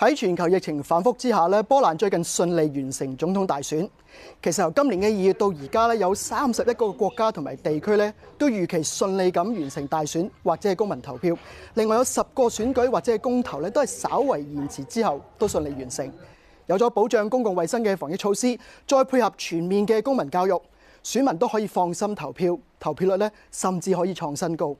喺全球疫情反覆之下咧，波蘭最近順利完成總統大選。其實由今年嘅二月到而家咧，有三十一個國家同埋地區咧都預期順利咁完成大選或者係公民投票。另外有十個選舉或者係公投咧，都係稍為延遲之後都順利完成。有咗保障公共衛生嘅防疫措施，再配合全面嘅公民教育，選民都可以放心投票，投票率咧甚至可以創新高。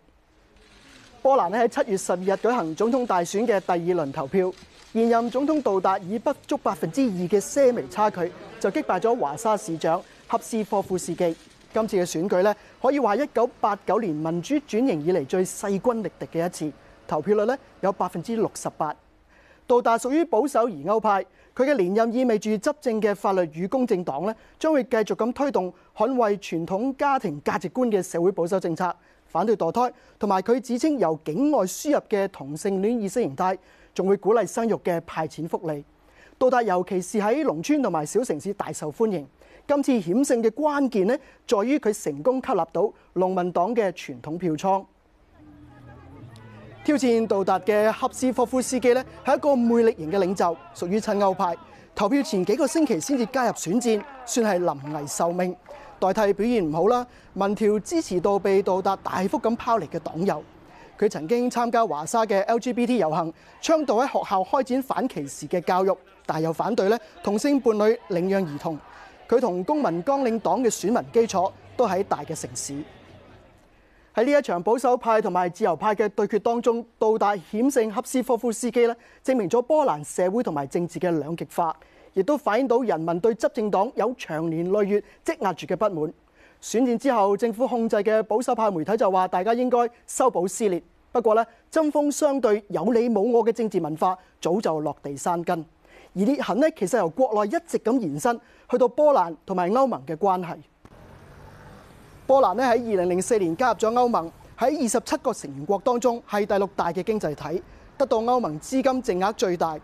波蘭咧喺七月十二日舉行總統大選嘅第二輪投票。現任總統杜達以不足百分之二嘅些微差距就擊敗咗華沙市長恰斯科夫斯基。今次嘅選舉咧可以話一九八九年民主轉型以嚟最勢均力敵嘅一次。投票率咧有百分之六十八。杜達屬於保守而右派，佢嘅連任意味住執政嘅法律與公正黨咧將會繼續咁推動捍衛傳統家庭價值觀嘅社會保守政策，反對墮胎，同埋佢指稱由境外輸入嘅同性戀意識形態。仲會鼓勵生育嘅派錢福利，杜達尤其是喺農村同埋小城市大受歡迎。今次險勝嘅關鍵呢，在於佢成功吸納到農民黨嘅傳統票倉。挑戰杜達嘅恰斯霍夫斯基呢，係一個魅力型嘅領袖，屬於親歐派。投票前幾個星期先至加入選戰，算係臨危受命。代替表現唔好啦，民調支持度被杜達大幅咁拋離嘅黨友。佢曾經參加華沙嘅 LGBT 遊行，倡導喺學校開展反歧視嘅教育，但又反對咧同性伴侶領養兒童。佢同公民綱領黨嘅選民基礎都喺大嘅城市。喺呢一場保守派同埋自由派嘅對決當中，到達險勝恰斯科夫斯基咧，證明咗波蘭社會同埋政治嘅兩極化，亦都反映到人民對執政黨有長年累月積壓住嘅不滿。選戰之後，政府控制嘅保守派媒體就話：大家應該修補撕裂。不過呢，針鋒相對、有你冇我嘅政治文化，早就落地生根。而裂痕呢，其實由國內一直咁延伸去到波蘭同埋歐盟嘅關係。波蘭呢，喺二零零四年加入咗歐盟，喺二十七個成員國當中係第六大嘅經濟體，得到歐盟資金淨額最大。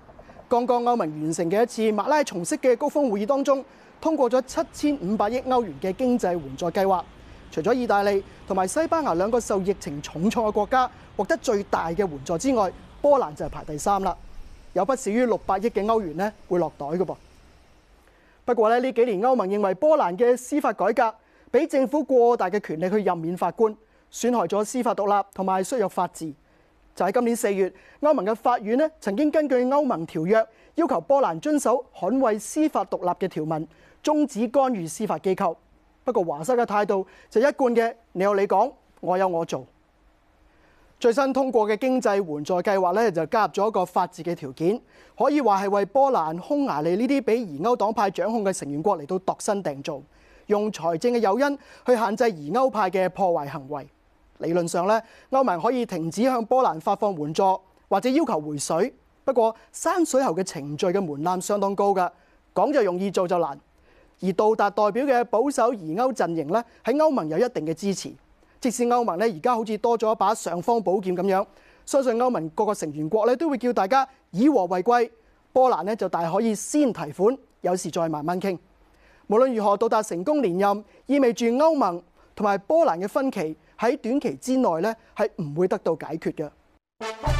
剛剛歐盟完成嘅一次馬拉松式嘅高峰會議當中。通過咗七千五百億歐元嘅經濟援助計劃，除咗意大利同埋西班牙兩個受疫情重挫嘅國家獲得最大嘅援助之外，波蘭就係排第三啦，有不少於六百億嘅歐元咧會落袋㗎噃。不過咧，呢幾年歐盟認為波蘭嘅司法改革俾政府過大嘅權力去任免法官，損害咗司法獨立同埋削弱法治。就喺今年四月，歐盟嘅法院咧曾經根據歐盟條約，要求波蘭遵守捍衛司法獨立嘅條文，中止干預司法機構。不過華沙嘅態度就一貫嘅，你有你講，我有我做。最新通過嘅經濟援助計劃咧，就加入咗一個法治嘅條件，可以話係為波蘭、匈牙利呢啲俾疑歐黨派掌控嘅成員國嚟到度身訂造，用財政嘅誘因去限制疑歐派嘅破壞行為。理論上咧，歐盟可以停止向波蘭發放援助，或者要求回水。不過，閂水喉嘅程序嘅門檻相當高㗎，講就容易做就難。而杜達代表嘅保守疑歐陣營咧，喺歐盟有一定嘅支持，即使歐盟咧而家好似多咗一把尚方寶劍咁樣，相信歐盟各個成員國咧都會叫大家以和為貴。波蘭就大可以先提款，有時再慢慢傾。無論如何，杜達成功連任，意味住歐盟同埋波蘭嘅分歧。喺短期之內咧，係唔會得到解決嘅。